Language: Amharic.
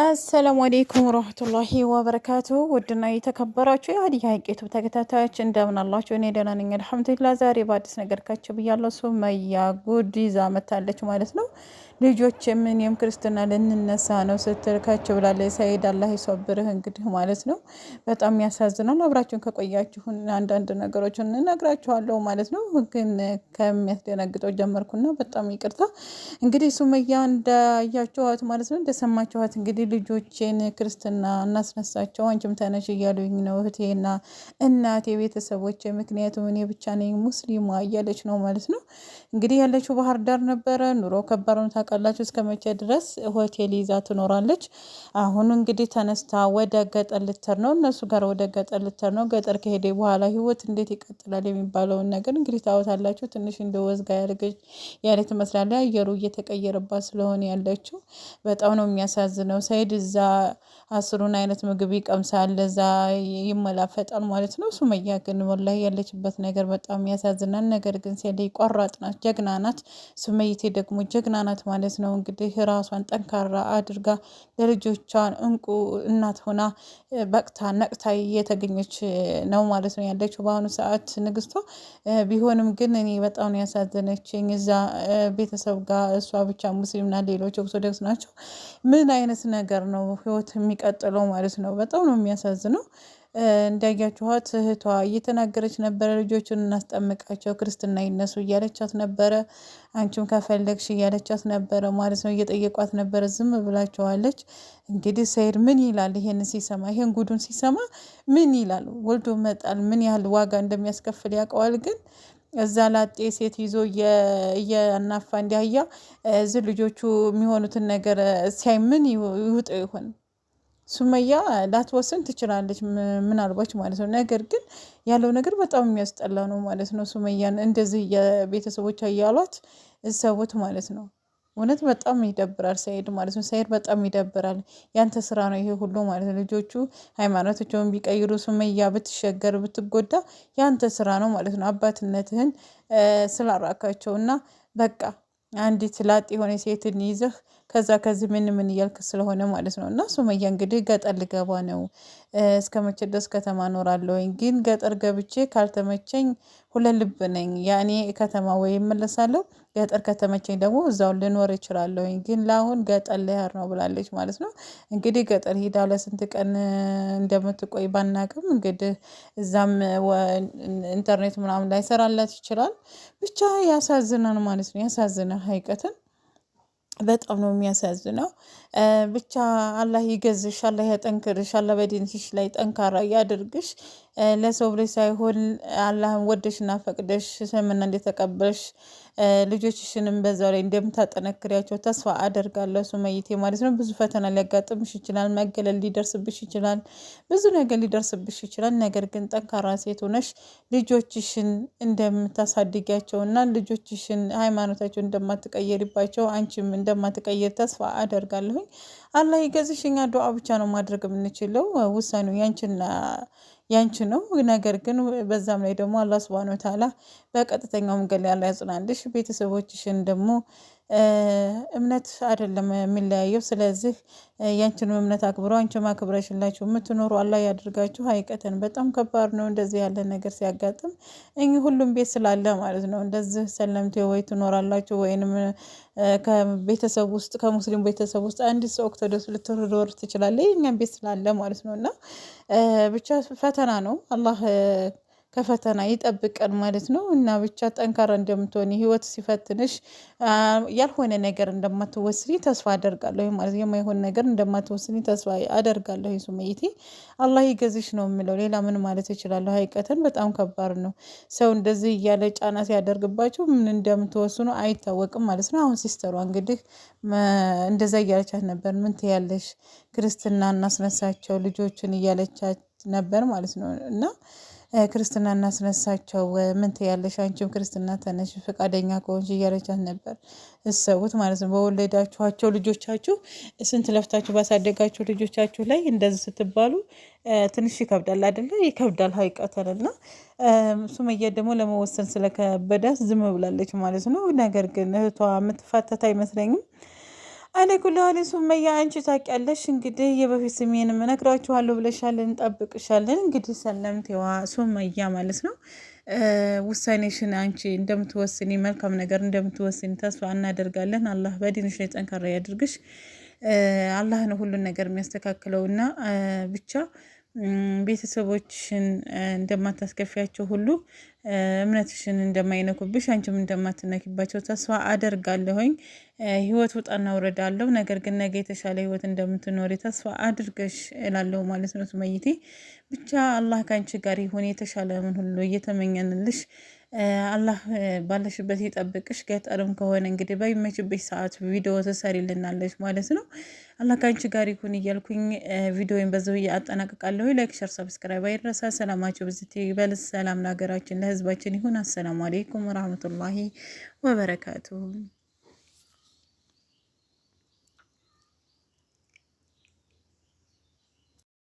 አሰላሙ አሌይኩም ወረህመቱላሂ ወበረካቱ። ውድና የተከበራችሁ የሀዲያ ዩቲዩብ ተከታታዮች እንደምን አላችሁ? እኔ ደህና ነኝ አልሐምዱሊላህ። ዛሬ በአዲስ ነገር ካቸው ብያለሁ። ሱመያ ጉድ ይዛ መታለች ማለት ነው። ልጆች ምንም ክርስትና ልንነሳ ነው ስትል ካቸው ብላለች። ሰይድ አላህ ይሰብርህ እንግዲህ ማለት ነው። በጣም ያሳዝናል። አብራችሁን ከቆያችሁን አንዳንድ ነገሮችን እነግራችኋለሁ ማለት ነው። ግን ከሚያስደነግጠው ጀመርኩና በጣም ይቅርታ። እንግዲህ ሱመያ እንዳያችኋት ማለት ነው እንደሰማችኋት እንግዲህ እንግዲህ ልጆቼን ክርስትና እናስነሳቸው አንቺም ተነሽ እያሉኝ ነው እህቴና እናቴ ቤተሰቦች። ምክንያቱም እኔ ብቻ ነኝ ሙስሊሟ እያለች ነው ማለት ነው። እንግዲህ ያለችው ባህር ዳር ነበረ። ኑሮ ከባድ ነው ታውቃላችሁ። እስከ መቼ ድረስ ሆቴል ይዛ ትኖራለች? አሁኑ እንግዲህ ተነስታ ወደ ገጠር ልትር ነው እነሱ ጋር ወደ ገጠር ልትር ነው። ገጠር ከሄደ በኋላ ህይወት እንዴት ይቀጥላል የሚባለውን ነገር እንግዲህ ታወታላችሁ። ትንሽ እንደ ወዝጋ ያደርገች ያለ ትመስላለች። አየሩ እየተቀየረባት ስለሆነ ያለችው በጣም ነው የሚያሳዝነው። ሰይድ እዛ አስሩን አይነት ምግብ ይቀምሳል፣ እዛ ይመላፈጣል ማለት ነው። ሱመያ ግን ወላሂ ያለችበት ነገር በጣም ያሳዝናል። ነገር ግን ሴት ቆራጥ ናት፣ ጀግና ናት። ሱመይቴ ደግሞ ጀግና ናት ማለት ነው። እንግዲህ ራሷን ጠንካራ አድርጋ ለልጆቿን እንቁ እናት ሆና በቅታ ነቅታ እየተገኘች ነው ማለት ነው ያለችው በአሁኑ ሰዓት ንግስቷ። ቢሆንም ግን እኔ በጣም ያሳዘነችኝ እዛ ቤተሰብ ጋር እሷ ብቻ ሙስሊምና ሌሎች ኦርቶዶክስ ናቸው ምን አይነት ነገር ነው ህይወት የሚቀጥለው ማለት ነው። በጣም ነው የሚያሳዝነው። እንዳያችኋት እህቷ እየተናገረች ነበረ። ልጆቹን እናስጠምቃቸው ክርስትና ይነሱ እያለቻት ነበረ። አንቺም ከፈለግሽ እያለቻት ነበረ ማለት ነው። እየጠየቋት ነበረ፣ ዝም ብላቸዋለች። እንግዲህ ሰይድ ምን ይላል ይሄን ሲሰማ፣ ይሄን ጉዱን ሲሰማ ምን ይላል? ወልዶ መጣል ምን ያህል ዋጋ እንደሚያስከፍል ያውቀዋል ግን እዛ ላጤ ሴት ይዞ እያናፋ እንዲያያ እዚህ ልጆቹ የሚሆኑትን ነገር ሲያይ ምን ይውጥ ይሆን? ሱመያ ላትወስን ትችላለች፣ ምናልባች ማለት ነው። ነገር ግን ያለው ነገር በጣም የሚያስጠላ ነው ማለት ነው። ሱመያን እንደዚህ ቤተሰቦቿ እያሏት እሰቡት ማለት ነው። እውነት በጣም ይደብራል። ሰኢድ ማለት ነው። ሰኢድ በጣም ይደብራል። ያንተ ስራ ነው ይሄ ሁሉ ማለት ነው። ልጆቹ ሃይማኖታቸውን ቢቀይሩ ሱመያ ብትሸገር ብትጎዳ ያንተ ስራ ነው ማለት ነው። አባትነትህን ስላራካቸው እና በቃ አንዲት ላጥ የሆነ ሴትን ይዘህ ከዛ ከዚህ ምን ምን እያልክ ስለሆነ ማለት ነው። እና ሱመያ እንግዲህ ገጠር ልገባ ነው። እስከ መቼ ድረስ ከተማ እኖራለሁኝ? ግን ገጠር ገብቼ ካልተመቸኝ ሁለት ልብ ነኝ። ያኔ ከተማ ወይ እመለሳለሁ፣ ገጠር ከተመቸኝ ደግሞ እዛው ልኖር እችላለሁኝ። ግን ለአሁን ገጠር ልሄድ ነው ብላለች ማለት ነው። እንግዲህ ገጠር ሂዳ ለስንት ቀን እንደምትቆይ ባናቅም እንግዲህ እዛም ኢንተርኔት ምናምን ላይሰራላት ይችላል። ብቻ ያሳዝናል ማለት ነው። ያሳዝናል ሀይቀትን በጣም ነው የሚያሳዝ ነው። ብቻ አላህ ይገዝሽ፣ አላህ ያጠንክርሽ፣ አላህ በዲንሽ ላይ ጠንካራ ያድርግሽ። ለሰው ብለሽ ሳይሆን አላህን ወደሽና ፈቅደሽ እስልምና እንደተቀበልሽ ልጆችሽንም በዛው ላይ እንደምታጠነክሪያቸው ተስፋ አደርጋለሁ ሱመይቴ ማለት ነው። ብዙ ፈተና ሊያጋጥምሽ ይችላል፣ መገለል ሊደርስብሽ ይችላል፣ ብዙ ነገር ሊደርስብሽ ይችላል። ነገር ግን ጠንካራ ሴት ሆነሽ ልጆችሽን እንደምታሳድጊያቸውና ልጆችሽን ሃይማኖታቸው እንደማትቀየሪባቸው አንቺም እንደማትቀየር ተስፋ አደርጋለሁኝ። አላህ ይገዝሽኛ። ዱዓ ብቻ ነው ማድረግ የምንችለው። ውሳኔው ያንቺና ያንቺ ነው። ነገር ግን በዛም ላይ ደግሞ አላህ ሱብሃነሁ ወተዓላ በቀጥተኛው መንገድ ላይ ያጽናልሽ ቤተሰቦችሽን ደግሞ እምነት አይደለም የሚለያየው። ስለዚህ ያንችንም እምነት አክብሮ አንቺ አክብረሽላችሁ የምትኖሩ አላህ ያድርጋችሁ። ሀይቀተን በጣም ከባድ ነው እንደዚህ ያለ ነገር ሲያጋጥም እኚ ሁሉም ቤት ስላለ ማለት ነው። እንደዚህ ሰለምቴ ወይ ትኖራላችሁ ወይንም ከቤተሰብ ውስጥ ከሙስሊም ቤተሰብ ውስጥ አንድ ሰው ኦርቶዶክስ ልትኖር ትችላለ፣ የእኛም ቤት ስላለ ማለት ነው እና ብቻ ፈተና ነው አላህ ከፈተና ይጠብቀን ማለት ነው። እና ብቻ ጠንካራ እንደምትሆን ህይወት ሲፈትንሽ ያልሆነ ነገር እንደማትወስኒ ተስፋ አደርጋለሁ ማለት የማይሆን ነገር እንደማትወስኒ ተስፋ አደርጋለሁ። ሱመይቴ አላህ ይገዝሽ ነው የምለው። ሌላ ምን ማለት እችላለሁ? ሀይቀትን በጣም ከባድ ነው። ሰው እንደዚህ እያለ ጫና ሲያደርግባቸው ምን እንደምትወስኑ አይታወቅም ማለት ነው። አሁን ሲስተሯ እንግዲህ እንደዛ እያለቻት ነበር። ምን ትያለሽ? ክርስትና እናስነሳቸው ልጆችን እያለቻት ነበር ማለት ነው እና ክርስትና እናስነሳቸው ምን ትያለሽ? አንቺም ክርስትና ተነሽ ፈቃደኛ ከሆንሽ እያለቻት ነበር። እሰቡት ማለት ነው። በወለዳችኋቸው ልጆቻችሁ ስንት ለፍታችሁ ባሳደጋችሁ ልጆቻችሁ ላይ እንደዚህ ስትባሉ ትንሽ ይከብዳል አይደለ? ይከብዳል ሀይቀተን እና ሱመያ ደግሞ ለመወሰን ስለከበዳት ዝም ብላለች ማለት ነው። ነገር ግን እህቷ የምትፋተት አይመስለኝም። አለኩላህን ሱመያ አንቺ ታውቂያለሽ እንግዲህ የበፊት ስሜን እነግራችኋለሁ ብለሻለን፣ እንጠብቅሻለን። እንግዲህ ሰለምቴዋ ሱመያ ማለት ነው። ውሳኔሽን አንቺ እንደምትወስኒ መልካም ነገር እንደምትወስኒ ተስፋ እናደርጋለን። አላህ በዲንሽ ላይ ጠንካራ ያድርግሽ። አላህ ነው ሁሉን ነገር የሚያስተካክለው እና ብቻ ቤተሰቦችሽን እንደማታስከፊያቸው ሁሉ እምነትሽን እንደማይነኩብሽ አንቺም እንደማትነኪባቸው ተስፋ አደርጋለሁኝ። ህይወት ውጣና ውረድ አለው። ነገር ግን ነገ የተሻለ ህይወት እንደምትኖሪ ተስፋ አድርገሽ እላለሁ ማለት ነው። ሱመይቴ ብቻ አላህ ከአንቺ ጋር ይሁን። ምን ሁሉ እየተመኘንልሽ አላህ ባለሽበት ይጠብቅሽ። ገጠርም ከሆነ እንግዲህ በሚመችብሽ ሰዓት ቪዲዮ ትሰሪልናለች ማለት ነው። አላህ ከአንቺ ጋር ይሁን እያልኩኝ ቪዲዮን በዚሁ አጠናቅቃለሁ። ላይክ፣ ሸር፣ ሰብስክራይብ አይረሳ። ሰላማቸው ብዝት ይበል። ሰላም ለሀገራችን ለህዝባችን ይሁን። አሰላሙ አሌይኩም ወረህመቱላሂ ወበረካቱሁ።